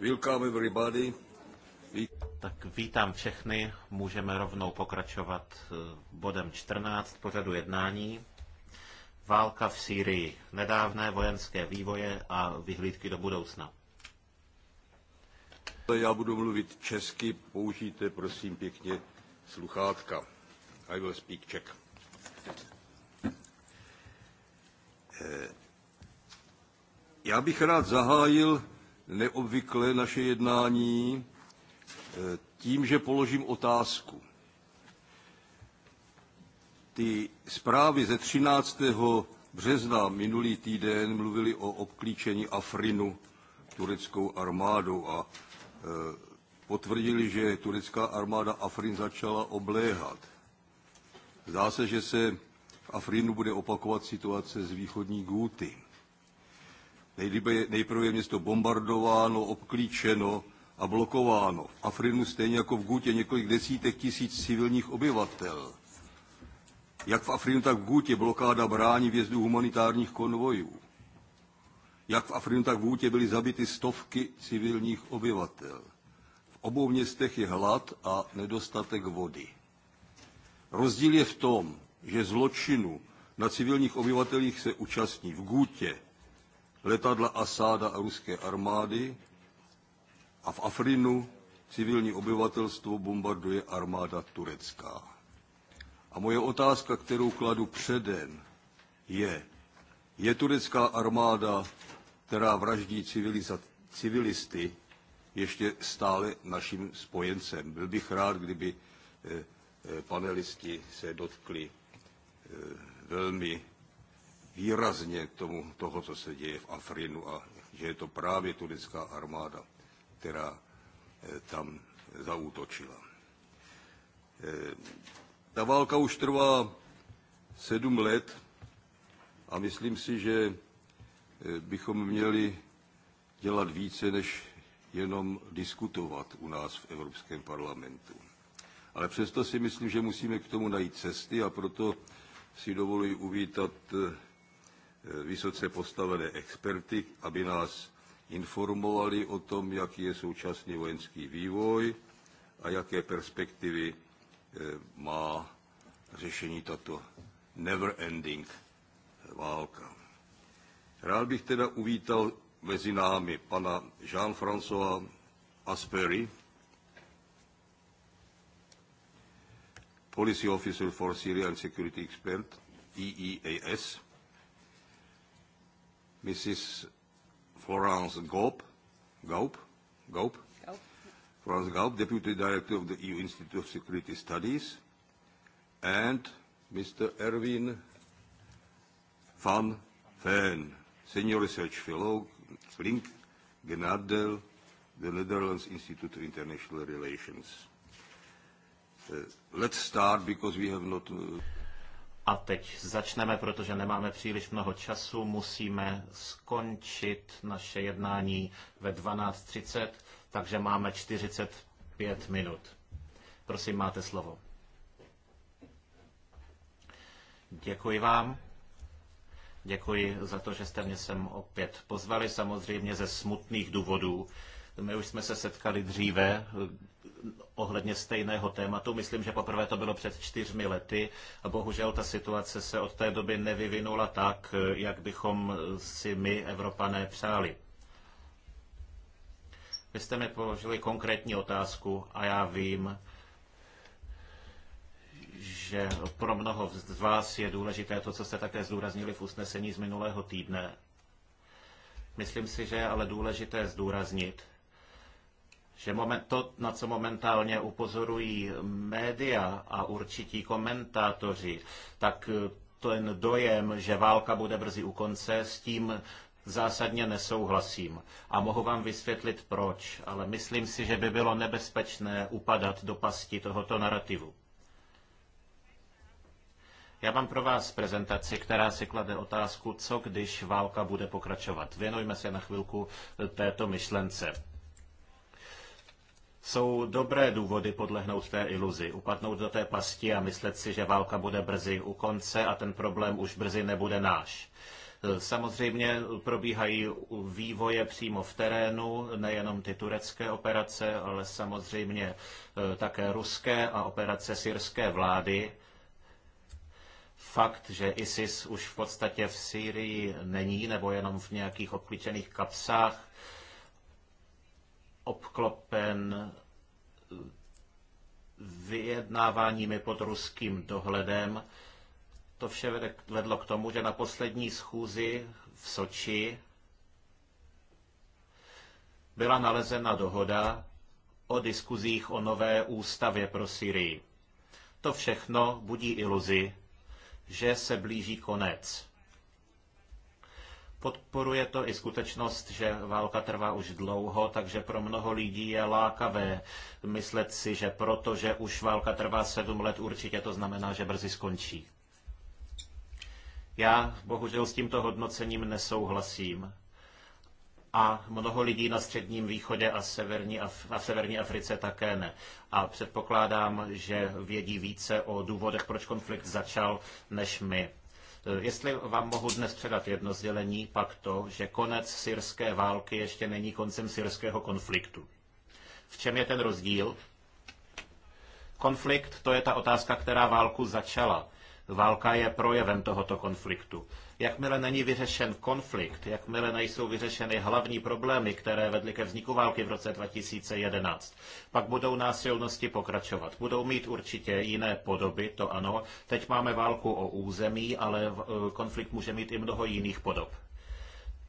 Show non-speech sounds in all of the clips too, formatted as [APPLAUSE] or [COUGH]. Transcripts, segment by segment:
Welcome everybody. Tak vítám všechny, můžeme rovnou pokračovat eh, bodem 14 pořadu jednání. Válka v Sýrii, nedávné vojenské vývoje a vyhlídky do budoucna. Já budu mluvit česky, použijte prosím pěkně sluchátka. I will speak Czech. Eh, já bych rád zahájil neobvykle naše jednání eh, tím, že položím otázku. Ty zprávy ze 13. března minulý týden mluvili o obklíčení Afrinu tureckou armádou a eh, potvrdili, že turecká armáda Afrin začala obléhat. Zdá se, že se v Afrinu bude opakovat situace z východní Gúty. Nejprve je město bombardováno, obklíčeno a blokováno. V Afrinu stejně jako v Gutě několik desítek tisíc civilních obyvatel. Jak v Afrinu, tak v Gutě blokáda brání vjezdu humanitárních konvojů. Jak v Afrinu, tak v Gutě byly zabity stovky civilních obyvatel. V obou městech je hlad a nedostatek vody. Rozdíl je v tom, že zločinu na civilních obyvatelích se účastní v Gutě letadla Asáda a ruské armády a v Afrinu civilní obyvatelstvo bombarduje armáda turecká. A moje otázka, kterou kladu předem, je, je turecká armáda, která vraždí civilisty, ještě stále naším spojencem. Byl bych rád, kdyby eh, eh, panelisti se dotkli eh, velmi výrazně tomu, toho, co se děje v Afrinu a že je to právě turecká armáda, která eh, tam zaútočila. Eh, ta válka už trvá sedm let a myslím si, že eh, bychom měli dělat více, než jenom diskutovat u nás v Evropském parlamentu. Ale přesto si myslím, že musíme k tomu najít cesty a proto si dovoluji uvítat Eh, vysoce postavené experty, aby nás informovali o tom, jaký je současný vojenský vývoj a jaké perspektivy eh, má řešení tato never-ending válka. Rád bych teda uvítal mezi námi pana Jean-François Aspery, Policy Officer for Syrian Security Expert, EEAS, Mrs. Florence Gaup, Gope, Gope, Florence Gope, Deputy Director of the EU Institute of Security Studies, and Mr. Erwin van Veen, Senior Research Fellow, Flink Genadel, the Netherlands Institute of International Relations. Uh, let's start because we have not... Uh a teď začneme, protože nemáme příliš mnoho času. Musíme skončit naše jednání ve 12.30, takže máme 45 minut. Prosím, máte slovo. Děkuji vám. Děkuji za to, že jste mě sem opět pozvali, samozřejmě ze smutných důvodů. My už jsme se setkali dříve, ohledně stejného tématu. Myslím, že poprvé to bylo před čtyřmi lety a bohužel ta situace se od té doby nevyvinula tak, jak bychom si my, Evropané, přáli. Vy jste mi položili konkrétní otázku a já vím, že pro mnoho z vás je důležité to, co jste také zdůraznili v usnesení z minulého týdne. Myslím si, že je ale důležité zdůraznit, že moment, to, na co momentálně upozorují média a určití komentátoři, tak eh, ten dojem, že válka bude brzy u konce, s tím zásadně nesouhlasím. A mohu vám vysvětlit proč, ale myslím si, že by bylo nebezpečné upadat do pasti tohoto narrativu. Já mám pro vás prezentaci, která si klade otázku, co když válka bude pokračovat. Věnujme se na chvilku této myšlence jsou dobré důvody podlehnout té iluzi, upadnout do té pasti a myslet si, že válka bude brzy u konce a ten problém už brzy nebude náš. Samozřejmě probíhají vývoje přímo v terénu, nejenom ty turecké operace, ale samozřejmě eh, také ruské a operace syrské vlády. Fakt, že ISIS už v podstatě v Sýrii není, nebo jenom v nějakých obklíčených kapsách, obklopen eh, vyjednáváními pod ruským dohledem. To vše vedlo k tomu, že na poslední schůzi v Soči byla nalezena dohoda o diskuzích o nové ústavě pro Syrii. To všechno budí iluzi, že se blíží konec. Podporuje to i skutečnost, že válka trvá už dlouho, takže pro mnoho lidí je lákavé myslet si, že protože už válka trvá sedm let, určitě to znamená, že brzy skončí. Já bohužel s tímto hodnocením nesouhlasím. A mnoho lidí na Středním východě a Severní, Af- a Severní Africe také ne. A předpokládám, že vědí více o důvodech, proč konflikt začal, než my. Eh, jestli vám mohu dnes předat jedno sdělení, pak to, že konec syrské války ještě není koncem syrského konfliktu. V čem je ten rozdíl? Konflikt to je ta otázka, která válku začala. Válka je projevem tohoto konfliktu. Jakmile není vyřešen konflikt, jakmile nejsou vyřešeny hlavní problémy, které vedly ke vzniku války v roce 2011, pak budou násilnosti pokračovat. Budou mít určitě jiné podoby, to ano. Teď máme válku o území, ale konflikt může mít i mnoho jiných podob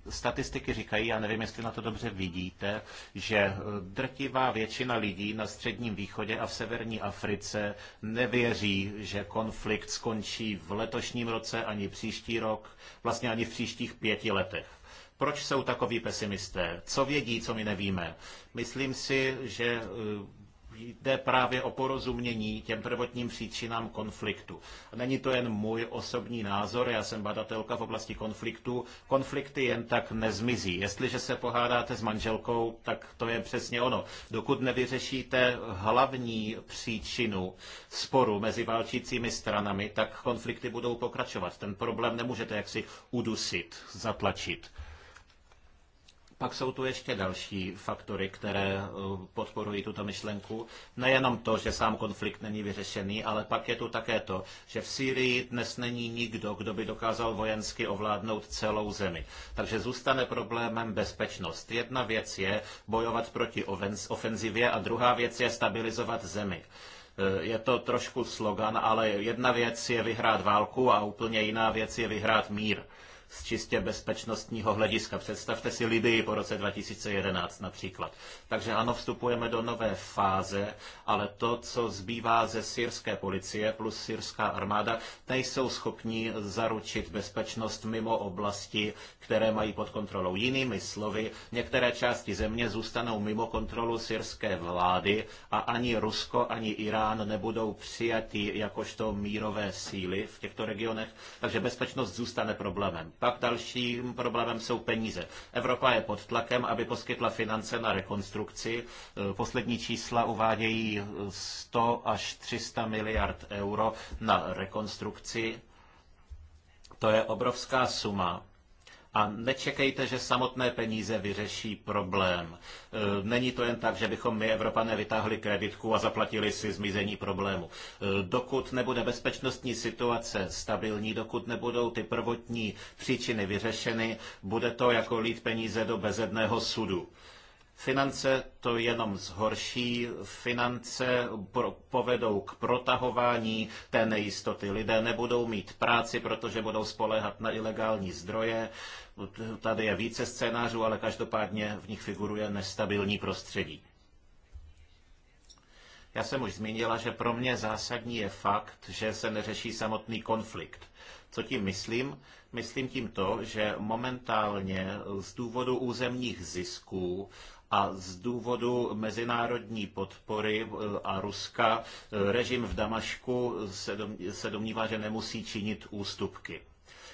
statistiky říkají, já nevím, jestli na to dobře vidíte, že drtivá většina lidí na Středním východě a v Severní Africe nevěří, že konflikt skončí v letošním roce ani příští rok, vlastně ani v příštích pěti letech. Proč jsou takoví pesimisté? Co vědí, co my nevíme? Myslím si, že jde právě o porozumění těm prvotním příčinám konfliktu. Není to jen můj osobní názor, já jsem badatelka v oblasti konfliktu. Konflikty jen tak nezmizí. Jestliže se pohádáte s manželkou, tak to je přesně ono. Dokud nevyřešíte hlavní příčinu sporu mezi válčícími stranami, tak konflikty budou pokračovat. Ten problém nemůžete jaksi udusit, zatlačit. Pak jsou tu ještě další faktory, které eh, podporují tuto myšlenku. Nejenom to, že sám konflikt není vyřešený, ale pak je tu také to, že v Sýrii dnes není nikdo, kdo by dokázal vojensky ovládnout celou zemi. Takže zůstane problémem bezpečnost. Jedna věc je bojovat proti ofenzivě a druhá věc je stabilizovat zemi. Eh, je to trošku slogan, ale jedna věc je vyhrát válku a úplně jiná věc je vyhrát mír z čistě bezpečnostního hlediska. Představte si Libii po roce 2011 například. Takže ano, vstupujeme do nové fáze, ale to, co zbývá ze syrské policie plus syrská armáda, nejsou schopni zaručit bezpečnost mimo oblasti, které mají pod kontrolou. Jinými slovy, některé části země zůstanou mimo kontrolu syrské vlády a ani Rusko, ani Irán nebudou přijatí jakožto mírové síly v těchto regionech, takže bezpečnost zůstane problémem. Pak dalším problémem jsou peníze. Evropa je pod tlakem, aby poskytla finance na rekonstrukci. Eh, poslední čísla uvádějí 100 eh, až 300 miliard euro na rekonstrukci. To je obrovská suma a nečekejte, že samotné peníze vyřeší problém. E, není to jen tak, že bychom my, Evropané, vytáhli kreditku a zaplatili si zmizení problému. E, dokud nebude bezpečnostní situace stabilní, dokud nebudou ty prvotní příčiny vyřešeny, bude to jako lít peníze do bezedného sudu. Finance to jenom zhorší, finance povedou k protahování té nejistoty. Lidé nebudou mít práci, protože budou spoléhat na ilegální zdroje. Tady je více scénářů, ale každopádně v nich figuruje nestabilní prostředí. Já jsem už zmínila, že pro mě zásadní je fakt, že se neřeší samotný konflikt. Co tím myslím? Myslím tím to, že momentálně z důvodu územních zisků a z důvodu mezinárodní podpory eh, a Ruska eh, režim v Damašku se domnívá, že nemusí činit ústupky.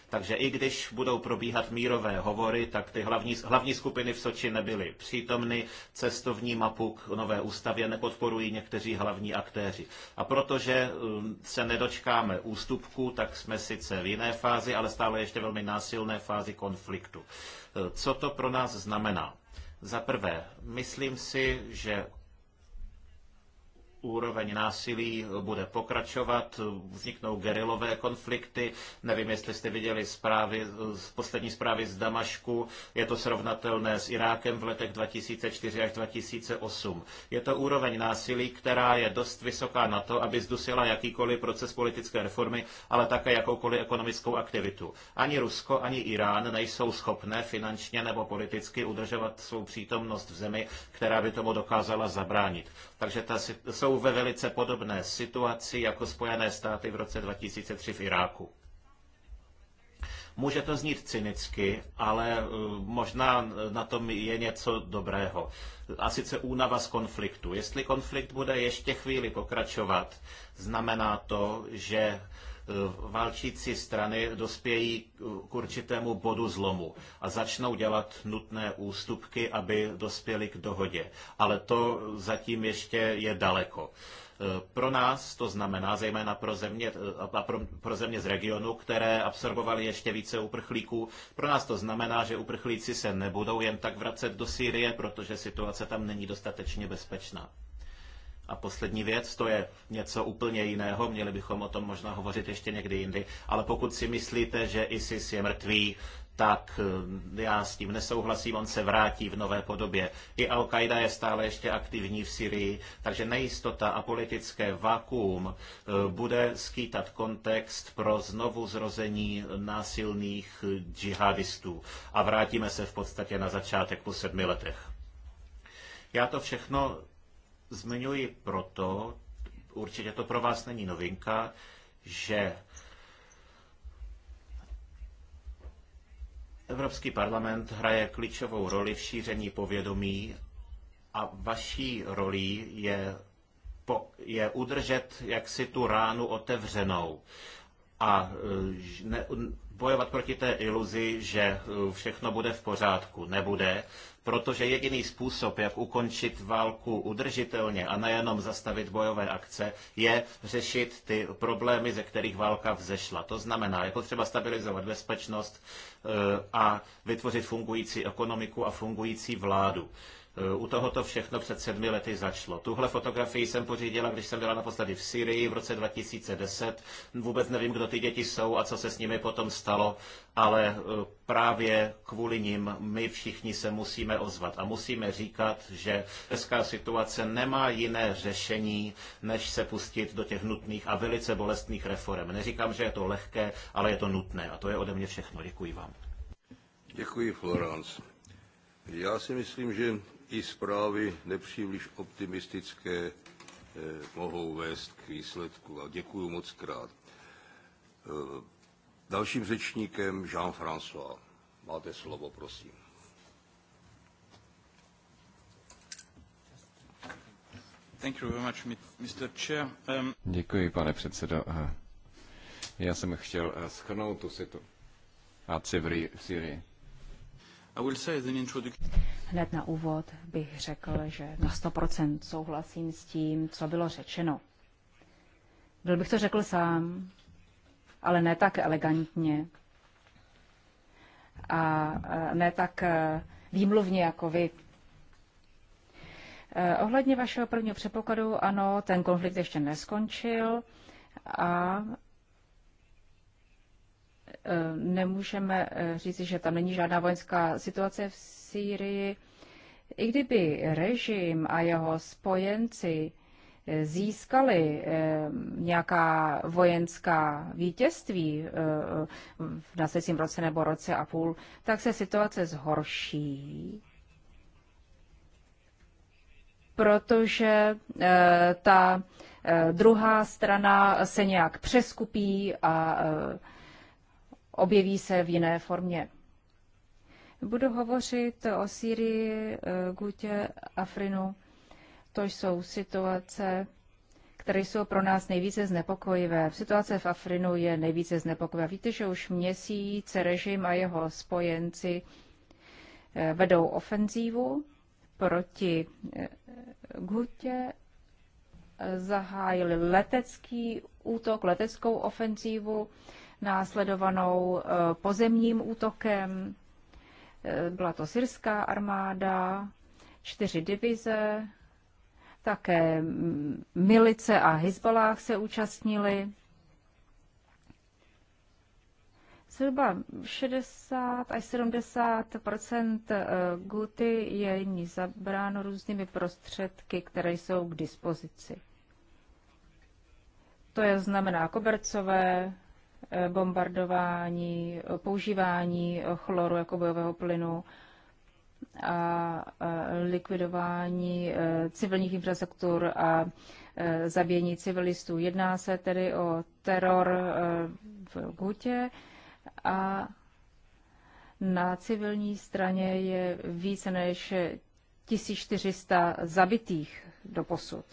Takže i když budou probíhat mírové hovory, tak ty hlavní, hlavní skupiny v Soči nebyly přítomny. Cestovní mapu k nové ústavě nepodporují někteří hlavní aktéři. A protože eh, se nedočkáme ústupku, tak jsme sice v jiné fázi, ale stále ještě velmi násilné fázi konfliktu. Co to pro nás znamená? Za prvé, myslím si, že úroveň násilí bude pokračovat, vzniknou gerilové konflikty. Nevím, jestli jste viděli zprávy, poslední zprávy z Damašku. Je to srovnatelné s Irákem v letech 2004 až 2008. Je to úroveň násilí, která je dost vysoká na to, aby zdusila jakýkoliv proces politické reformy, ale také jakoukoliv ekonomickou aktivitu. Ani Rusko, ani Irán nejsou schopné finančně nebo politicky udržovat svou přítomnost v zemi, která by tomu dokázala zabránit. Takže ta, jsou jsou ve velice podobné situaci jako Spojené státy v roce 2003 v Iráku. Může to znít cynicky, ale eh, možná na tom je něco dobrého. A sice únava z konfliktu. Jestli konflikt bude ještě chvíli pokračovat, znamená to, že Eh, válčící strany dospějí k určitému bodu zlomu a začnou dělat nutné ústupky, aby dospěli k dohodě. Ale to zatím ještě je daleko. Eh, pro nás to znamená, zejména pro země, eh, pro, pro země z regionu, které absorbovaly ještě více uprchlíků, pro nás to znamená, že uprchlíci se nebudou jen tak vracet do Sýrie, protože situace tam není dostatečně bezpečná. A poslední věc, to je něco úplně jiného, měli bychom o tom možná hovořit ještě někdy jindy, ale pokud si myslíte, že ISIS je mrtvý, tak eh, já s tím nesouhlasím, on se vrátí v nové podobě. I Al-Qaida je stále ještě aktivní v Syrii, takže nejistota a politické vakuum eh, bude skýtat kontext pro znovu zrození násilných eh, džihadistů. A vrátíme se v podstatě na začátek po sedmi letech. Já to všechno Zmiňuji proto, určitě to pro vás není novinka, že Evropský parlament hraje klíčovou roli v šíření povědomí a vaší rolí je, po, je udržet jaksi tu ránu otevřenou a e, ne, bojovat proti té iluzi, že e, všechno bude v pořádku. Nebude, protože jediný způsob, jak ukončit válku udržitelně a nejenom zastavit bojové akce, je řešit ty problémy, ze kterých válka vzešla. To znamená, je potřeba stabilizovat bezpečnost e, a vytvořit fungující ekonomiku a fungující vládu. Eh, u tohoto všechno před sedmi lety začalo. Tuhle fotografii jsem pořídila, když jsem byla naposledy v Syrii v roce 2010. Vůbec nevím, kdo ty děti jsou a co se s nimi potom stalo, ale eh, právě kvůli nim my všichni se musíme ozvat a musíme říkat, že česká situace nemá jiné řešení, než se pustit do těch nutných a velice bolestných reform. Neříkám, že je to lehké, ale je to nutné a to je ode mě všechno. Děkuji vám. Děkuji, Florence. Já si myslím, že i zprávy nepříliš optimistické eh, mohou vést k výsledku. A děkuji moc krát. Eh, dalším řečníkem Jean-François. Máte slovo, prosím. Thank you very much, Mr. Chair. Um... Děkuji, pane předsedo. Eh, já jsem chtěl schrnout tu situaci v Syrii. Hned na úvod bych řekl, že na 100% souhlasím s tím, co bylo řečeno. Byl bych to řekl sám, ale ne tak elegantně a ne tak e, výmluvně jako vy. E, ohledně vašeho prvního předpokladu, ano, ten konflikt ještě neskončil a Eh, nemůžeme eh, říci, že tam není žádná vojenská situace v Sýrii. I kdyby režim a jeho spojenci eh, získali nějaká vojenská vítězství v následujícím roce nebo roce a půl, tak se situace zhorší, protože ta druhá strana se nějak přeskupí a objeví se v jiné formě. Budu hovořit o Sýrii, eh, Gutě, Afrinu. To jsou situace, které jsou pro nás nejvíce znepokojivé. Situace v Afrinu je nejvíce znepokojivá. Víte, že už měsíc režim a jeho spojenci eh, vedou ofenzívu proti eh, Gutě, zahájili letecký útok, leteckou ofenzívu následovanou eh, pozemním útokem. Eh, byla to syrská armáda, čtyři divize, také mm, milice a Hezbollah se účastnili. Zhruba 60 až 70 eh, guty je ní zabráno různými prostředky, které jsou k dispozici. To je znamená kobercové bombardování, používání chloru jako bojového plynu a likvidování eh, civilních infrastruktur a eh, zabíjení civilistů. Jedná se tedy o teror eh, v Gutě a na civilní straně je více než 1400 zabitých do posud.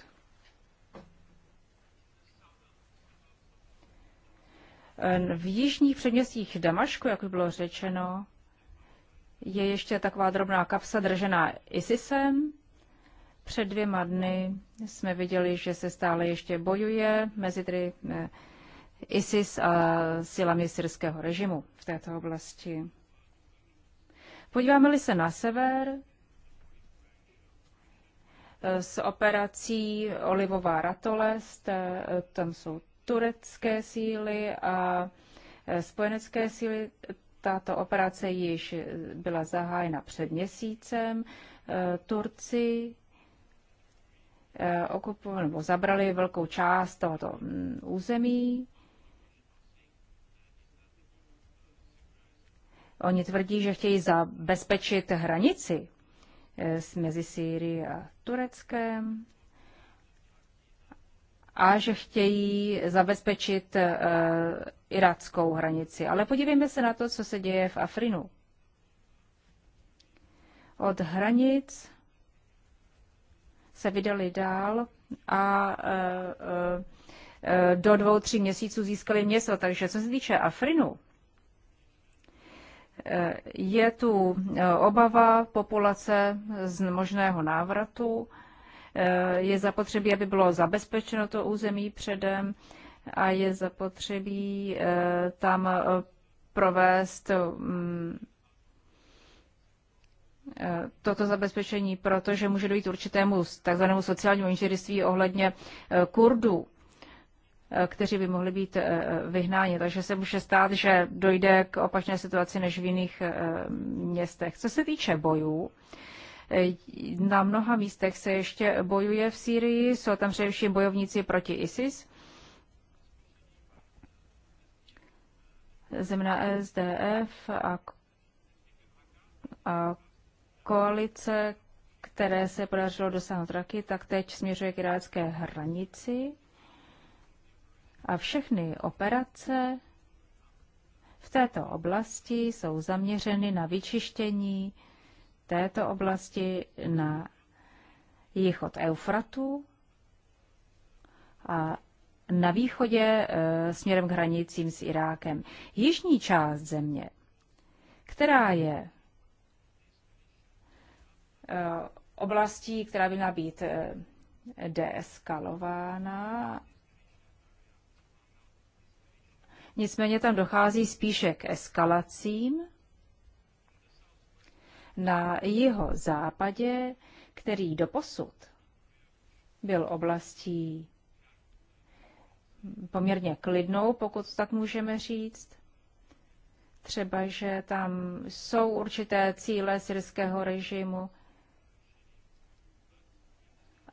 V jižních předměstích Damašku, jak bylo řečeno, je ještě taková drobná kapsa držená ISISem. Před dvěma dny jsme viděli, že se stále ještě bojuje mezi tedy eh, ISIS a silami syrského režimu v této oblasti. Podíváme-li se na sever, eh, s operací Olivová ratolest, eh, tam jsou turecké síly a e, spojenecké síly. Tato operace již byla zahájena před měsícem. E, Turci e, okupovali nebo zabrali velkou část tohoto mm, území. Oni tvrdí, že chtějí zabezpečit hranici mezi Sýrií a Tureckem a že chtějí zabezpečit eh, iráckou hranici. Ale podívejme se na to, co se děje v Afrinu. Od hranic se vydali dál a eh, eh, do dvou, tří měsíců získali město. Takže co se týče Afrinu, je tu obava populace z možného návratu Eh, je zapotřebí, aby bylo zabezpečeno to území předem a je zapotřebí eh, tam eh, provést mm, toto zabezpečení, protože může dojít určitému takzvanému sociálnímu inženýrství ohledně Kurdů, kteří by mohli být vyhnáni. Takže se může stát, že dojde k opačné situaci než v jiných městech. Co se týče bojů, na mnoha místech se ještě bojuje v Sýrii, jsou tam především bojovníci proti ISIS. Zemna SDF a, a koalice, které se podařilo dosáhnout raky, tak teď směřuje k irácké hranici. A všechny operace v této oblasti jsou zaměřeny na vyčištění této oblasti na jih od Eufratu a na východě e, směrem k hranicím s Irákem. Jižní část země, která je e, oblastí, která by měla být e, deeskalována, nicméně tam dochází spíše k eskalacím na jeho západě, který doposud byl oblastí poměrně klidnou, pokud tak můžeme říct. Třeba, že tam jsou určité cíle syrského režimu,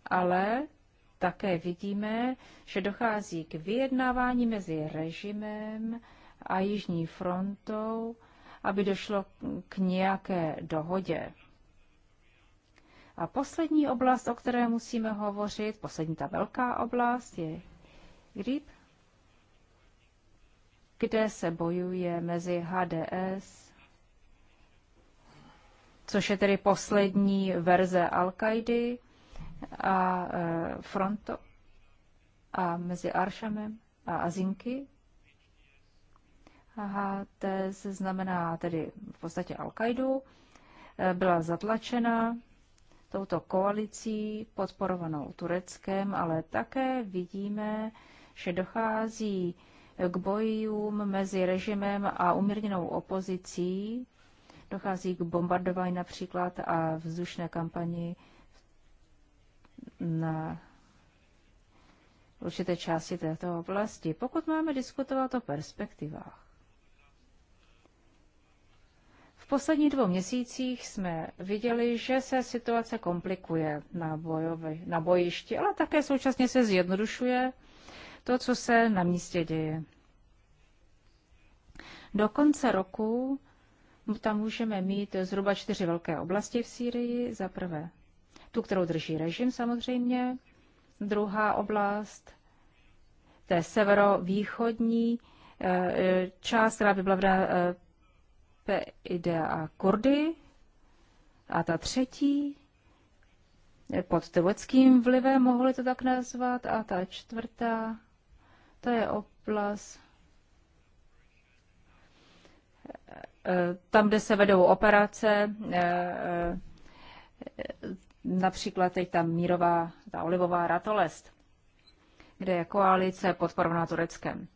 ale také vidíme, že dochází k vyjednávání mezi režimem a Jižní frontou aby došlo k nějaké dohodě. A poslední oblast, o které musíme hovořit, poslední ta velká oblast je GRIP, kde se bojuje mezi HDS, což je tedy poslední verze al a e, Fronto a mezi Aršamem a Azinky, HTS znamená tedy v podstatě Al-Qaidu, eh, byla zatlačena touto koalicí podporovanou Tureckem, ale také vidíme, že dochází k bojům mezi režimem a umírněnou opozicí. Dochází k bombardování například a vzdušné kampani na určité části této oblasti. Pokud máme diskutovat o perspektivách, v posledních dvou měsících jsme viděli, že se situace komplikuje na, bojovi, na bojišti, ale také současně se zjednodušuje to, co se na místě děje. Do konce roku tam můžeme mít zhruba čtyři velké oblasti v Sýrii. Za prvé tu, kterou drží režim samozřejmě. Druhá oblast, to je severovýchodní eh, eh, část, která by byla eh, idea a Kordy, A ta třetí, pod tibetským vlivem, mohli to tak nazvat. A ta čtvrtá, to je oblast, tam, kde se vedou operace, e, e, například teď tam mírová, ta olivová ratolest, kde je koalice podporovaná Tureckem.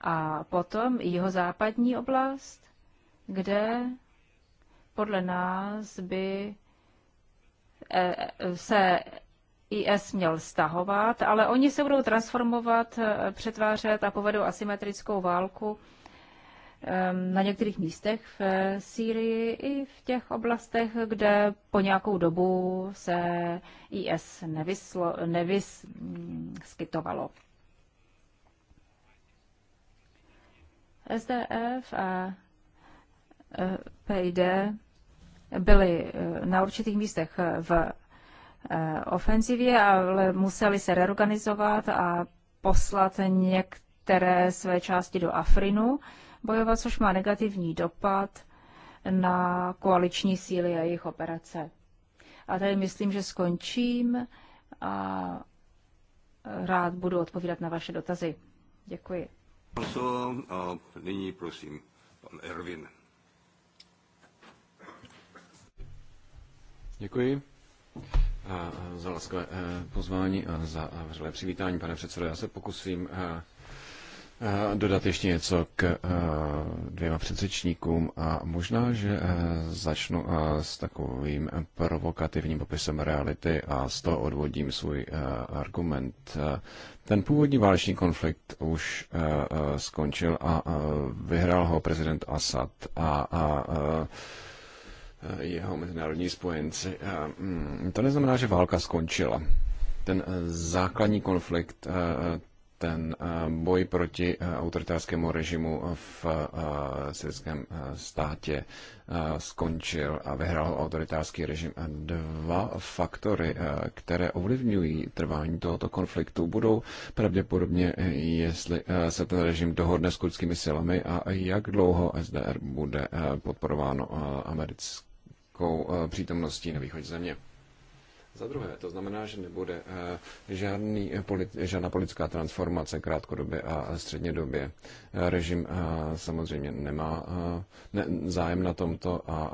A potom jeho západní oblast, kde podle nás by eh, eh, se IS měl stahovat, ale oni se budou transformovat, eh, přetvářet a povedou asymetrickou válku ehm, na některých místech v Sýrii i v těch oblastech, kde po nějakou dobu se IS nevyslo, nevyskytovalo. SDF a PID byli eh, na určitých místech eh, v eh, ofenzivě, ale museli se reorganizovat a poslat některé své části do Afrinu bojovat, což má negativní dopad na koaliční síly a jejich operace. A tady myslím, že skončím a rád budu odpovídat na vaše dotazy. Děkuji. Nyní prosím pan Ervin. Děkuji za laskavé e, pozvání a za vřelé přivítání, pane předsedo. Já se pokusím e, e, dodat ještě něco k dvěma předřečníkům a možná, že začnu s takovým provokativním popisem reality a z toho odvodím svůj argument. Ten původní válečný konflikt už skončil a vyhrál ho prezident Assad a, a Eh, jeho mezinárodní spojenci. Mm, to neznamená, že válka skončila. Ten eh, základní konflikt, eh, ten boj proti autoritářskému režimu v syrském státě skončil a vyhrál autoritářský režim. Dva faktory, které ovlivňují trvání tohoto konfliktu, budou pravděpodobně, jestli se ten režim dohodne s kurdskými silami a jak dlouho SDR bude podporováno americkým vysokou eh, přítomností na východě země. Za druhé, to znamená, že nebude eh, žádný, eh, žádná politická transformace krátkodobě a střednědobě. Režim samozřejmě nemá zájem na tomto a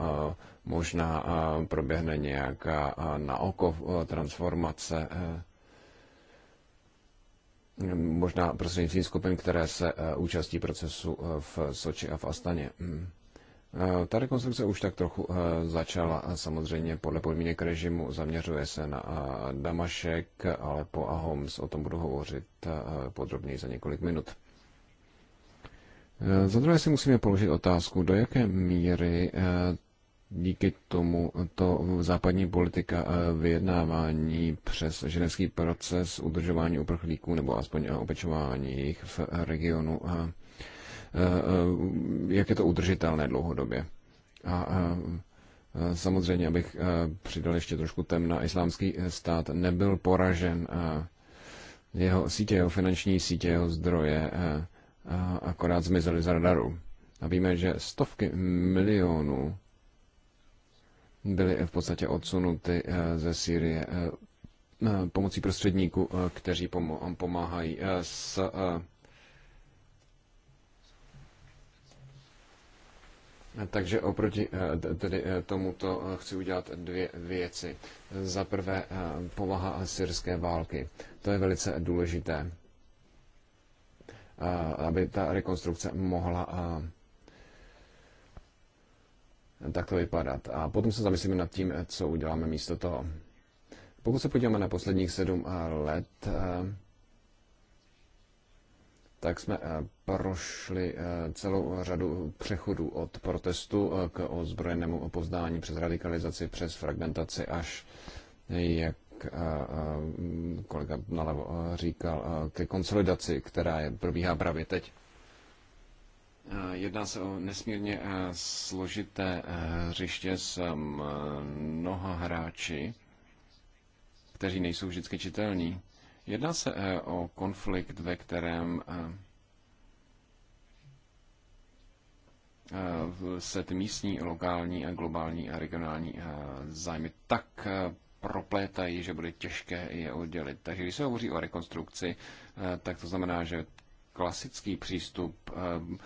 možná proběhne nějaká na oko transformace možná prostřednictvím skupin, které se účastí procesu v Soči a v Astaně. Hmm. Eh, ta rekonstrukce už tak trochu eh, začala samozřejmě podle podmínek režimu. Zaměřuje se na eh, Damašek, Alepo a Homs. O tom budu hovořit podrobněji za několik minut. Za druhé si musíme položit otázku, do jaké míry díky tomu to západní politika vyjednávání přes ženevský proces udržování uprchlíků nebo aspoň opečování jejich v regionu a Eh, jak je to udržitelné dlouhodobě. A eh, samozřejmě, abych eh, přidal ještě trošku temna, islámský stát nebyl poražen jeho sítě, jeho finanční sítě, jeho zdroje akorát zmizely z radaru. A víme, že stovky milionů byly v podstatě odsunuty ze Sýrie pomocí prostředníků, kteří pomáhají s Takže oproti eh, tedy eh, tomuto eh, chci udělat dvě věci. Za prvé povaha syrské války. To je velice důležité, aby ta rekonstrukce mohla takto vypadat. A potom se zamyslíme nad tím, co uděláme místo toho. Pokud se podíváme na posledních sedm let, tak jsme eh, prošli eh, celou řadu přechodů od protestu eh, k ozbrojenému opozdání přes radikalizaci, přes fragmentaci až, jak kolega nalevo říkal, ke konsolidaci, která je, probíhá právě teď. Jedná se o nesmírně složité hřiště s mnoha hráči, kteří nejsou vždycky čitelní Jedná se eh, o konflikt, ve kterém eh, eh, se ty místní, lokální, a globální a regionální zájmy tak proplétají, že bude těžké je oddělit. Takže když se hovoří o rekonstrukci, tak to znamená, že klasický přístup ehm,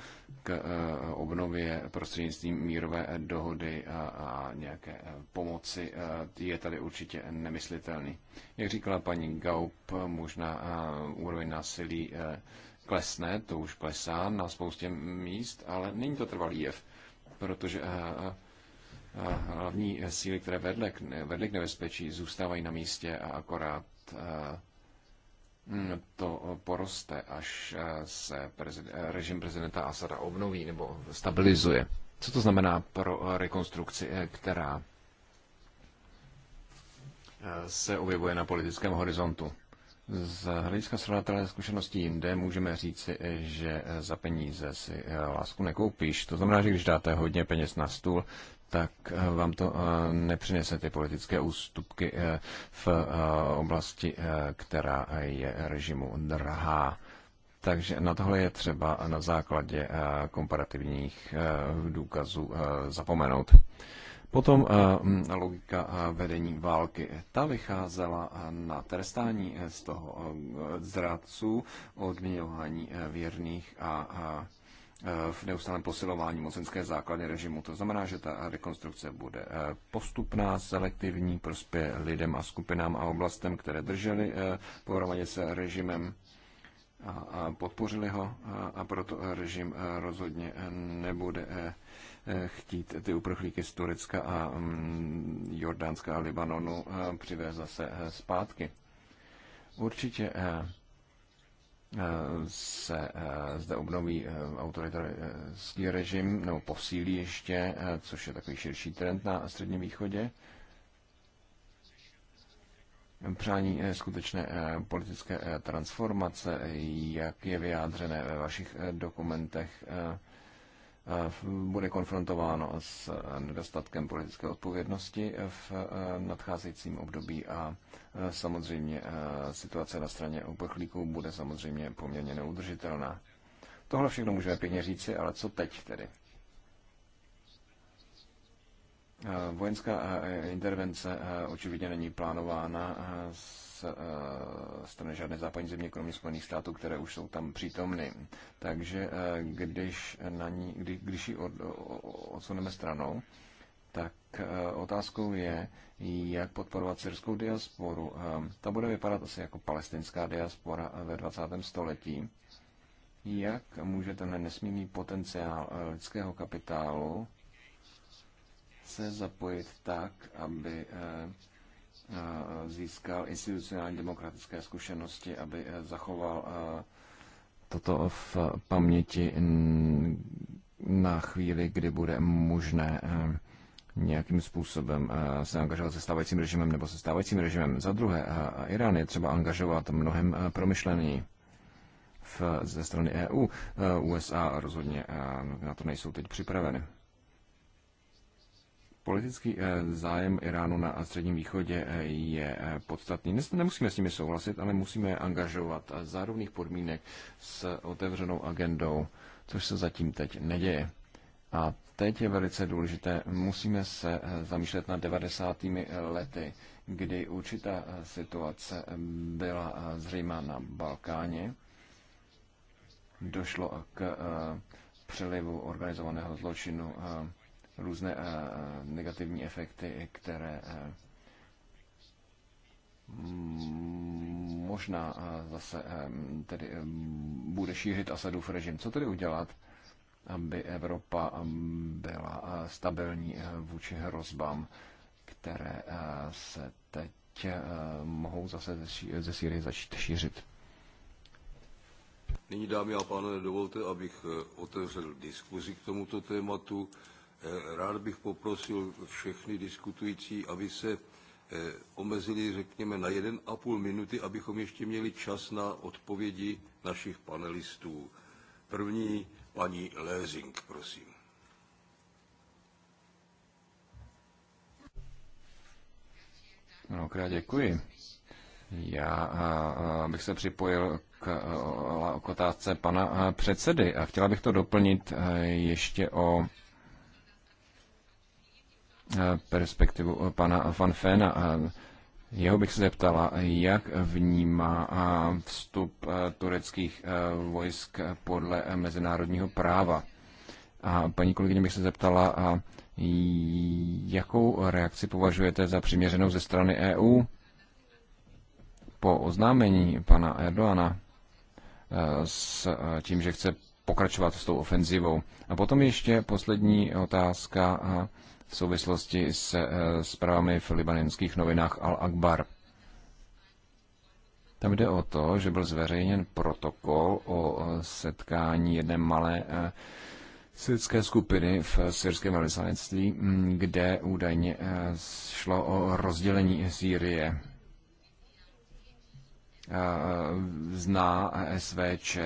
k eh, obnově prostřednictvím mírové dohody a nějaké eh, pomoci eh, je tady určitě nemyslitelný. Jak říkala paní Gaup, možná úroveň násilí klesne, to už klesá na spoustě míst, ale není to trvalý jev, protože hlavní síly, které vedly k, nebezpečí, zůstávají na místě a akorát to poroste, až eh, se prezident, eh, režim prezidenta Asada obnoví nebo stabilizuje. Co to znamená pro eh, rekonstrukci, která se objevuje na politickém horizontu? Z hlediska srovnatelné zkušenosti jinde můžeme říci, že za peníze si lásku nekoupíš. To znamená, že když dáte hodně peněz na stůl, tak eh, vám to eh, nepřinese ty politické ústupky eh, v oblasti, která je režimu drahá. Takže na tohle je třeba na základě komparativních důkazů zapomenout. Potom logika vedení války. Ta vycházela na trestání z toho zradců, odměňování věrných a v neustálém posilování mocenské základy režimu. To znamená, že ta rekonstrukce bude eh, postupná, selektivní, prospě lidem a skupinám a oblastem, které drželi eh, pohromadě se režimem a podpořili ho a proto režim eh, rozhodně nebude chtít ty uprchlíky z Turecka a mm, Jordánska a Libanonu přivést zase zpátky. Určitě se eh, zde obnoví eh, autoritarský režim, nebo posílí ještě, eh, což je takový širší trend na Středním východě. Přání skutečné politické transformace, jak je vyjádřené ve vašich dokumentech, bude konfrontováno s nedostatkem politické odpovědnosti v e, nadcházejícím období a e, samozřejmě e, situace na straně uprchlíků bude samozřejmě poměrně neudržitelná. Tohle všechno můžeme pěkně říci, ale co teď tedy? Eh, vojenská eh, intervence eh, očividně není plánována z strany žádné západní země, kromě Spojených států, které už jsou tam přítomny. Takže když, na ní, kdy, když ji od, odsuneme stranou, tak otázkou je, jak podporovat syrskou diasporu. Ta bude vypadat asi jako palestinská diaspora ve 20. století. Jak může ten nesmírný potenciál lidského kapitálu se zapojit tak, aby eh, eh, získal institucionální demokratické zkušenosti, aby eh, zachoval toto v paměti na chvíli, kdy bude možné nějakým způsobem se angažovat se stávajícím režimem nebo se stávajícím režimem. Za druhé, Irán je třeba angažovat mnohem promyšlený ze strany EU. USA rozhodně na to nejsou teď připraveny. Politický eh, zájem Iránu na Středním východě eh, je eh, podstatný. Nemusíme s nimi souhlasit, ale musíme je angažovat za rovných podmínek s otevřenou agendou, což se zatím teď neděje. A teď je velice důležité, musíme se zamýšlet nad 90. lety, kdy určitá situace byla zřejmá na Balkáně. Došlo k přelivu organizovaného zločinu různé eh, negativní efekty, které eh, možná eh, zase tedy bude šířit Asadův režim. Co tedy udělat, aby Evropa byla stabilní vůči hrozbám, které se teď mohou zase ze Syrie začít šířit? Nyní, dámy a pánové, dovolte, abych otevřel diskuzi k tomuto tématu. Eh, rád bych poprosil všechny diskutující, aby se eh, omezili, řekněme, na 1,5 minuty, abychom ještě měli čas na odpovědi našich panelistů. První paní Lézing, prosím. Mnohokrát děkuji. Já bych se připojil k, k otázce pana předsedy a chtěla bych to doplnit eh, ještě o perspektivu pana Van Fena Jeho bych se zeptala, jak vnímá vstup tureckých vojsk podle mezinárodního práva. A paní kolegyně bych se zeptala, jakou reakci považujete za přiměřenou ze strany EU po oznámení pana Erdoana s tím, že chce pokračovat s tou ofenzivou. A potom ještě poslední otázka v souvislosti s eh, zprávami v libanenských novinách Al-Akbar. Tam jde o to, že byl zveřejněn protokol o eh, setkání jedné malé eh, syrské skupiny v syrském velvyslanectví, mm, kde údajně šlo o rozdělení Sýrie. Zná SVČ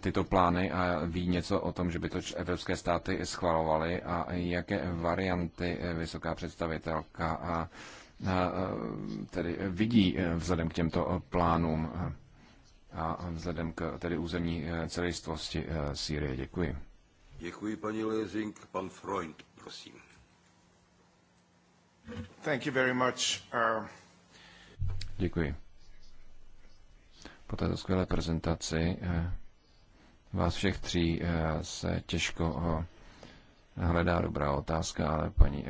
tyto plány a ví něco o tom, že by to evropské státy schvalovaly a jaké varianty eh, vysoká představitelka a tedy vidí eh, vzhledem k těmto eh, plánům a vzhledem k tedy územní celistvosti Sýrie. Děkuji. Děkuji, paní Lezing. Pan Freund, prosím. Thank you very much. Uh... Děkuji po této skvělé prezentaci eh, vás všech tří eh, se těžko eh, hledá dobrá otázka, ale paní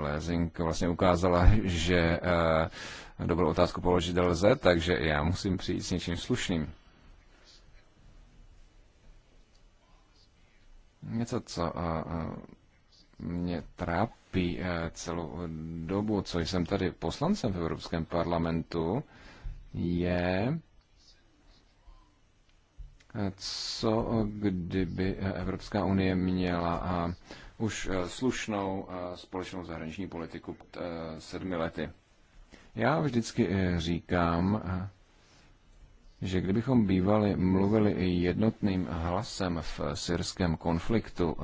Lézink vlastně ukázala, [LAUGHS] že dobrou otázku položit lze, takže já musím přijít s něčím slušným. Něco, co mě trápí celou dobu, co jsem tady poslancem v Evropském parlamentu, je co kdyby Evropská unie měla už e, slušnou e, společnou zahraniční politiku e, sedmi lety. Já vždycky říkám, že kdybychom bývali mluvili jednotným hlasem v syrském konfliktu,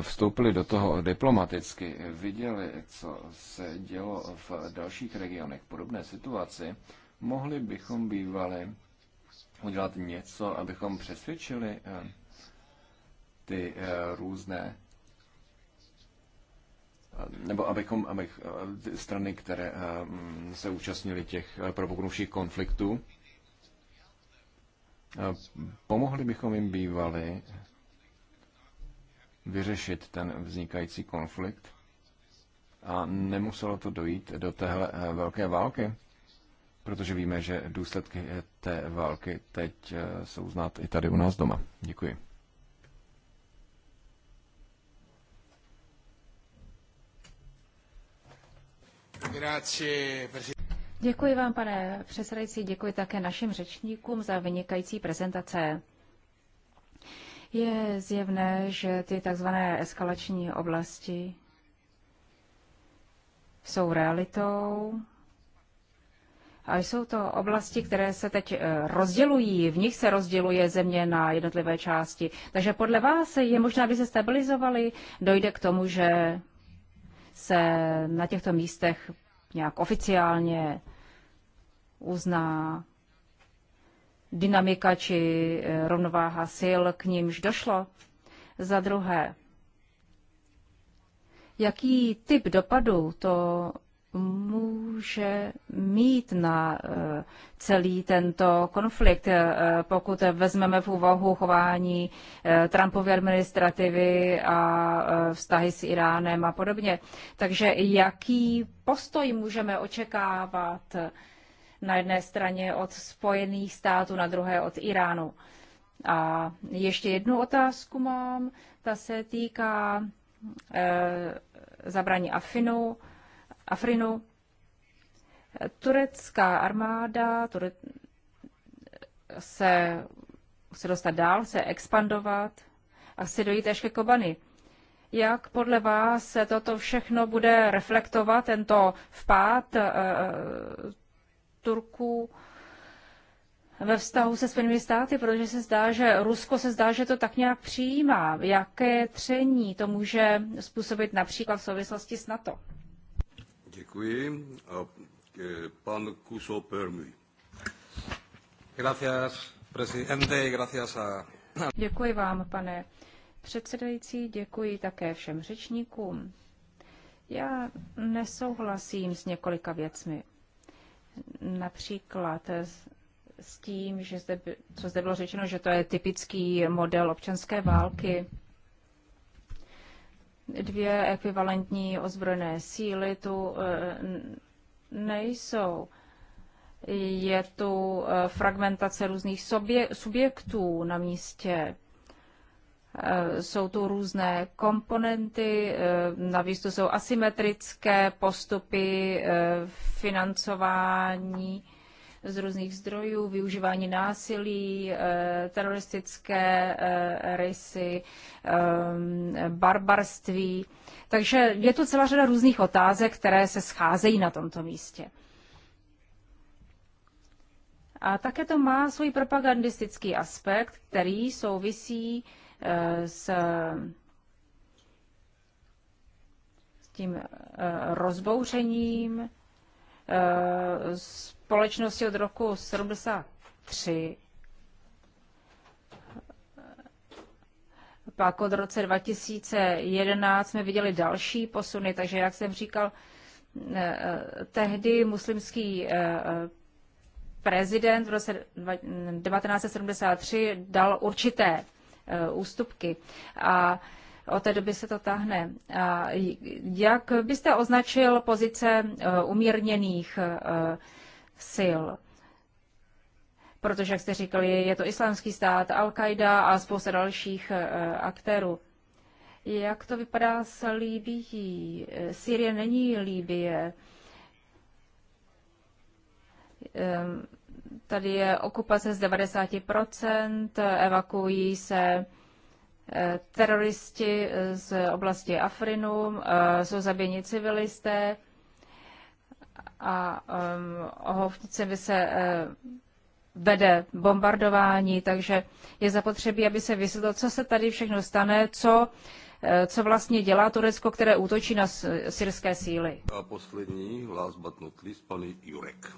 vstoupili do toho diplomaticky, viděli, co se dělo v dalších regionech podobné situaci, mohli bychom bývali udělat něco, abychom přesvědčili eh, ty eh, různé eh, nebo abychom, abych, ty strany, které mm, se účastnili těch propuknuvších konfliktů, pomohli bychom jim bývali vyřešit ten vznikající konflikt a nemuselo to dojít do téhle velké války protože víme, že důsledky té války teď eh, jsou znát i tady u nás doma. Děkuji. Děkuji vám, pane předsedající, děkuji také našim řečníkům za vynikající prezentace. Je zjevné, že ty tzv. eskalační oblasti jsou realitou, a jsou to oblasti, které se teď eh, rozdělují, v nich se rozděluje země na jednotlivé části. Takže podle vás je možná, aby se stabilizovaly, dojde k tomu, že se na těchto místech nějak oficiálně uzná dynamika či eh, rovnováha sil, k nímž došlo. Za druhé, jaký typ dopadu to může mít na eh, celý tento konflikt, eh, pokud vezmeme v úvahu chování eh, Trumpovy administrativy a vztahy s Iránem a podobně. Takže jaký postoj můžeme očekávat na jedné straně od Spojených států, na druhé od Iránu? A ještě jednu otázku mám, ta se týká e, zabraní Afinu Afrinu. Turecká armáda ture, se chce dostat dál, se expandovat a chce dojít až ke Kobany. Jak podle vás se toto všechno bude reflektovat, tento vpád e, Turků ve vztahu se Spojenými státy, protože se zdá, že Rusko se zdá, že to tak nějak přijímá. Jaké tření to může způsobit například v souvislosti s NATO? Děkuji. A e, pan Kuso Permi. Gracias, presidente, gracias a... Děkuji vám, pane předsedající, děkuji také všem řečníkům. Já nesouhlasím s několika věcmi. Například s tím, že zde, co zde bylo řečeno, že to je typický model občanské války dvě ekvivalentní ozbrojené síly tu eh, nejsou. Je tu eh, fragmentace různých subjektů na místě. Eh, jsou tu různé komponenty, navíc tu jsou asymetrické postupy financování z různých zdrojů, využívání násilí, eh, teroristické eh, rysy, eh, barbarství. Takže je tu celá řada různých otázek, které se scházejí na tomto místě. A také to má svůj propagandistický aspekt, který souvisí s tím rozbouřením Eh, společnosti od roku 73, pak od roce 2011 jsme viděli další posuny, takže jak jsem říkal, eh, tehdy muslimský eh, prezident v roce 1973 dal určité ústupky. A od té doby se to táhne. A jak byste označil pozice e, umírněných e, sil? Protože, jak jste říkali, je to islámský stát, Al-Qaida a spousta dalších e, aktérů. Jak to vypadá s Líbií? Syrie není Líbie. Tady je okupace z 90%, evakuují se Eh, teroristi eh, z oblasti Afrinu, eh, jsou zabíjeni civilisté a by se vede bombardování, takže je zapotřebí, aby se vysvětlo, co se tady všechno stane, co, co vlastně dělá Turecko, které útočí na syrské síly. A poslední, last but not least, pan Jurek.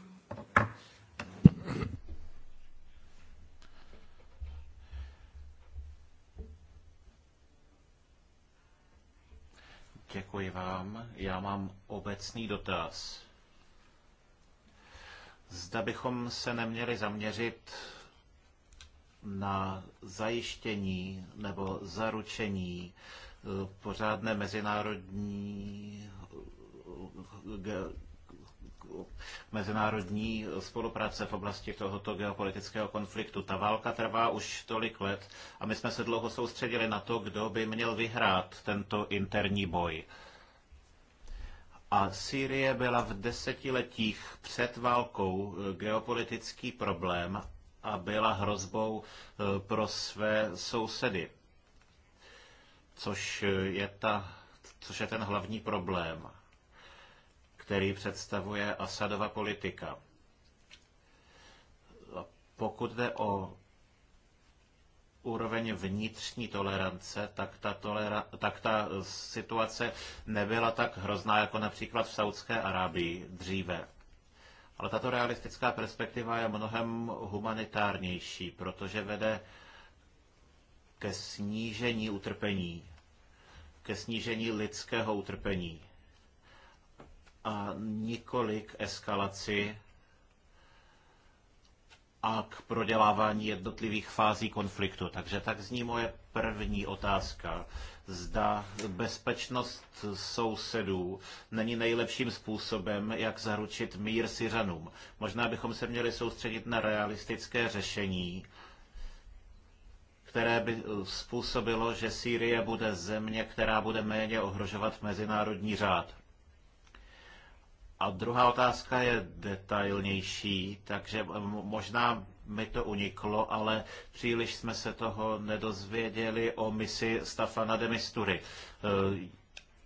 Děkuji vám. Já mám obecný dotaz. Zda bychom se neměli zaměřit na zajištění nebo zaručení eh, pořádné mezinárodní eh, mezinárodní spolupráce v oblasti tohoto geopolitického konfliktu. Ta válka trvá už tolik let a my jsme se dlouho soustředili na to, kdo by měl vyhrát tento interní boj. A Sýrie byla v desetiletích před válkou eh, geopolitický problém a byla hrozbou eh, pro své sousedy, což eh, je, ta, což je ten hlavní problém který představuje Asadova politika. Pokud jde o úroveň vnitřní tolerance, tak ta, tolera, tak ta situace nebyla tak hrozná jako například v Saudské Arábii dříve. Ale tato realistická perspektiva je mnohem humanitárnější, protože vede ke snížení utrpení, ke snížení lidského utrpení a nikoli k eskalaci a k prodělávání jednotlivých fází konfliktu. Takže tak zní moje první otázka. Zda bezpečnost sousedů není nejlepším způsobem, jak zaručit mír Syřanům. Možná bychom se měli soustředit na realistické řešení, které by způsobilo, že Sýrie bude země, která bude méně ohrožovat mezinárodní řád. A druhá otázka je detailnější, takže možná mi to uniklo, ale příliš jsme se toho nedozvěděli o misi Stafana de Mistury. E,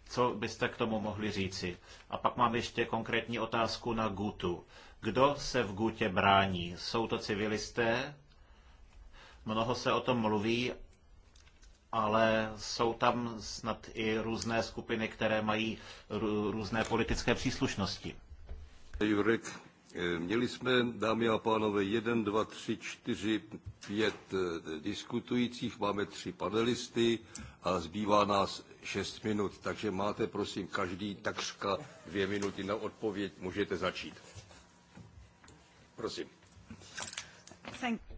co byste k tomu mohli říci? A pak mám ještě konkrétní otázku na Gutu. Kdo se v Gutě brání? Jsou to civilisté? Mnoho se o tom mluví, ale jsou tam snad i různé skupiny, které mají různé politické příslušnosti. Jurek, eh, měli jsme, dámy a pánové, jeden, dva, tři, čtyři, pět eh, diskutujících, máme tři panelisty a zbývá nás šest minut, takže máte, prosím, každý takřka dvě minuty na odpověď. Můžete začít. Prosím. Thank you.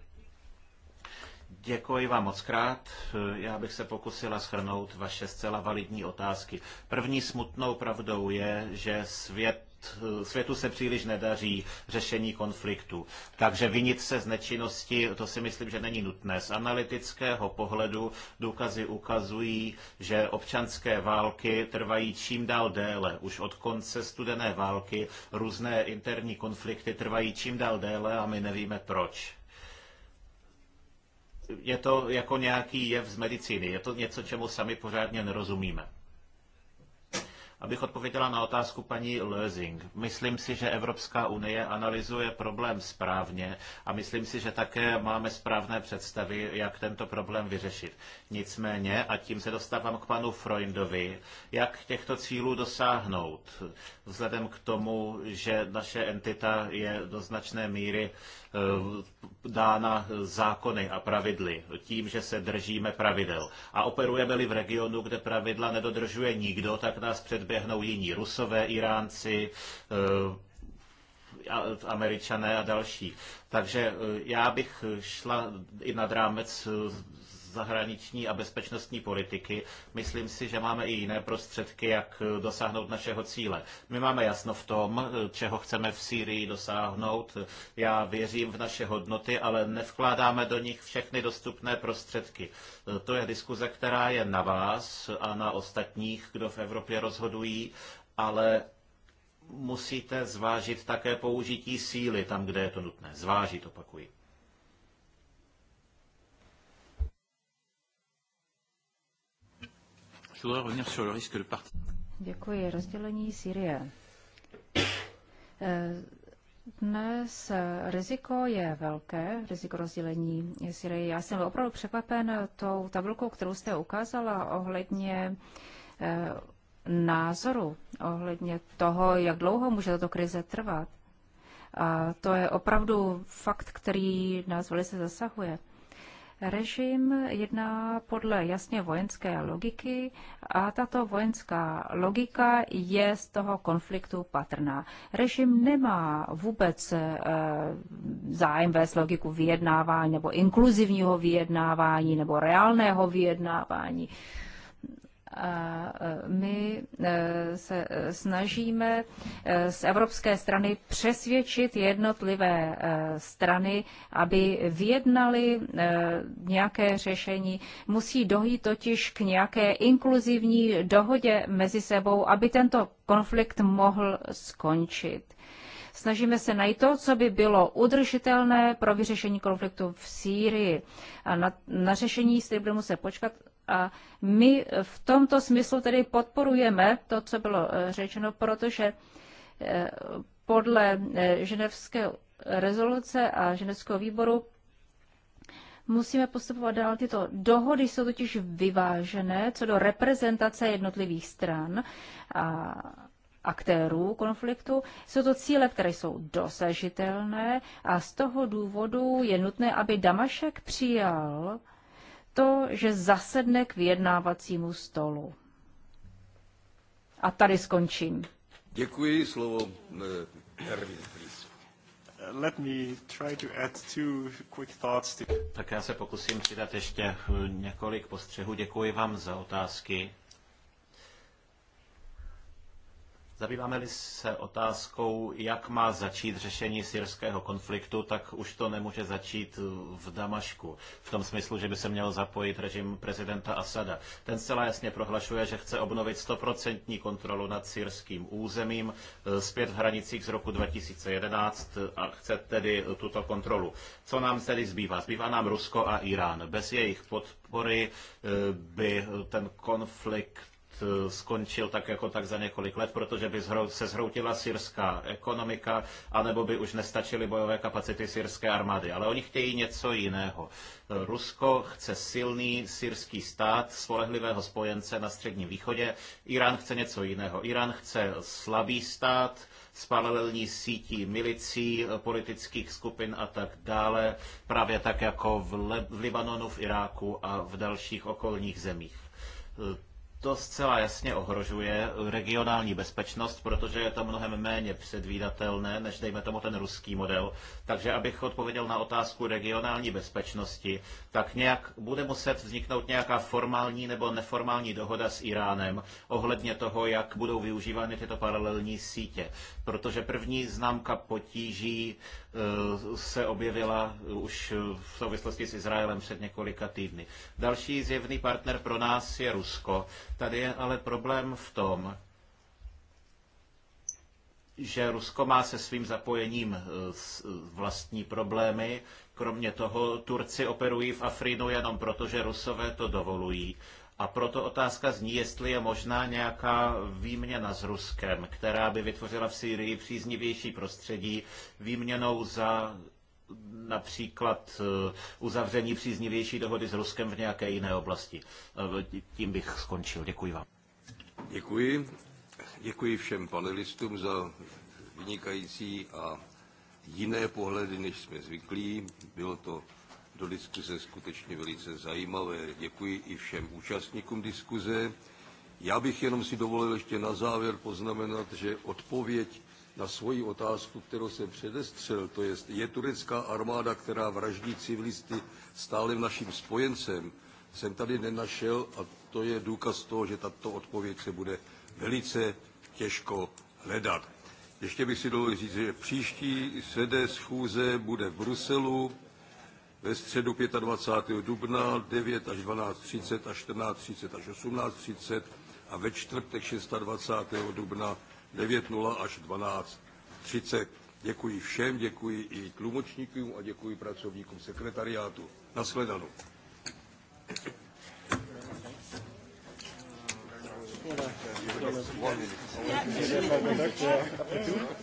Děkuji vám moc krát. Já bych se pokusila schrnout vaše zcela validní otázky. První smutnou pravdou je, že svět světu se příliš nedaří řešení konfliktu. Takže vinit se z nečinnosti, to si myslím, že není nutné. Z analytického pohledu důkazy ukazují, že občanské války trvají čím dál déle. Už od konce studené války různé interní konflikty trvají čím dál déle a my nevíme proč je to jako nějaký jev z medicíny. Je to něco, čemu sami pořádně nerozumíme. Abych odpověděla na otázku paní Lösing. Myslím si, že Evropská unie analyzuje problém správně a myslím si, že také máme správné představy, jak tento problém vyřešit. Nicméně, a tím se dostávám k panu Freundovi, jak těchto cílů dosáhnout, vzhledem k tomu, že naše entita je do značné míry eh, dána zákony a pravidly, tím, že se držíme pravidel. A operujeme-li v regionu, kde pravidla nedodržuje nikdo, tak nás před předběhnou jiní rusové, Iránci, eh, američané a další. Takže eh, já bych šla i nad rámec eh, zahraniční a bezpečnostní politiky. Myslím si, že máme i jiné prostředky, jak dosáhnout našeho cíle. My máme jasno v tom, čeho chceme v Sýrii dosáhnout. Já věřím v naše hodnoty, ale nevkládáme do nich všechny dostupné prostředky. To je diskuze, která je na vás a na ostatních, kdo v Evropě rozhodují, ale musíte zvážit také použití síly tam, kde je to nutné. Zvážit, opakuji. voudrais revenir sur le risque de parti. Děkuji. Rozdělení Syrie. Eh, dnes eh, riziko je velké, riziko rozdělení Syrie. Já jsem opravdu překvapen tou tabulkou, kterou jste ukázala ohledně eh, názoru, ohledně toho, jak dlouho může tato krize trvat. A to je opravdu fakt, který nás velice zasahuje. Režim jedná podle jasně vojenské logiky a tato vojenská logika je z toho konfliktu patrná. Režim nemá vůbec eh, zájem vést logiku vyjednávání nebo inkluzivního vyjednávání nebo reálného vyjednávání. A e, my e, se e, snažíme z evropské strany přesvědčit jednotlivé strany, aby vyjednali nějaké řešení. Musí dojít totiž k nějaké inkluzivní dohodě mezi sebou, aby tento konflikt mohl skončit. Snažíme se najít to, co by bylo udržitelné pro vyřešení konfliktu v Sýrii. A na, na řešení jistě bude muset počkat a my v tomto smyslu tedy podporujeme to, co bylo eh, řečeno, protože eh, podle eh, ženevské rezoluce a ženevského výboru musíme postupovat dál. Tyto dohody jsou totiž vyvážené co do reprezentace jednotlivých stran a aktérů konfliktu. Jsou to cíle, které jsou dosažitelné a z toho důvodu je nutné, aby Damašek přijal to, že zasedne k vyjednávacímu stolu. A tady skončím. Děkuji, slovo eh, uh, Let me try to add two quick thoughts. Tak já se pokusím přidat ještě eh, několik postřehů. Děkuji vám za otázky. Zabýváme-li se otázkou, jak má začít řešení syrského konfliktu, tak už to nemůže začít v Damašku. V tom smyslu, že by se měl zapojit režim prezidenta Asada. Ten zcela jasně prohlašuje, že chce obnovit stoprocentní kontrolu nad syrským územím e, zpět v hranicích z roku 2011 e, a chce tedy tuto kontrolu. Co nám tedy zbývá? Zbývá nám Rusko a Irán. Bez jejich podpory e, by ten konflikt Eh, skončil tak jako tak za několik let, protože by se zhroutila syrská ekonomika, anebo by už nestačily bojové kapacity syrské armády. Ale oni chtějí něco jiného. Eh, Rusko chce silný syrský stát, spolehlivého spojence na Středním východě. Irán chce něco jiného. Irán chce slabý stát, s paralelní sítí milicí, eh, politických skupin a tak dále, právě tak jako v, Le- v Libanonu, v Iráku a v dalších okolních zemích to zcela jasně ohrožuje regionální bezpečnost, protože je to mnohem méně předvídatelné, než dejme tomu ten ruský model. Takže abych odpověděl na otázku regionální bezpečnosti, tak nějak bude muset vzniknout nějaká formální nebo neformální dohoda s Iránem ohledně toho, jak budou využívány tyto paralelní sítě. Protože první známka potíží Eh, se objevila eh, už v souvislosti s Izraelem před několika týdny. Další zjevný partner pro nás je Rusko. Tady je ale problém v tom, že Rusko má se svým zapojením eh, vlastní problémy. Kromě toho Turci operují v Afrinu jenom proto, že Rusové to dovolují. A proto otázka zní, jestli je možná nějaká výměna s Ruskem, která by vytvořila v Syrii příznivější prostředí výměnou za například eh, uzavření příznivější dohody s Ruskem v nějaké jiné oblasti. Eh, tím bych skončil. Děkuji vám. Děkuji. Děkuji všem panelistům za vynikající a jiné pohledy, než jsme zvyklí. Bylo to do diskuze skutečně velice zajímavé. Děkuji i všem účastníkům diskuze. Já bych jenom si dovolil ještě na závěr poznamenat, že odpověď na svoji otázku, kterou jsem předestřel, to je, je turecká armáda, která vraždí civilisty stále naším spojencem, jsem tady nenašel a to je důkaz toho, že tato odpověď se bude velice těžko hledat. Ještě bych si dovolil říct, že příští sede schůze bude v Bruselu ve středu 25. dubna 9 až 12.30 a 14.30 až 18.30 a ve čtvrtek 26. dubna 9.0 až 12.30. Děkuji všem, děkuji i tlumočníkům a děkuji pracovníkům sekretariátu. Nashledanou. One minute.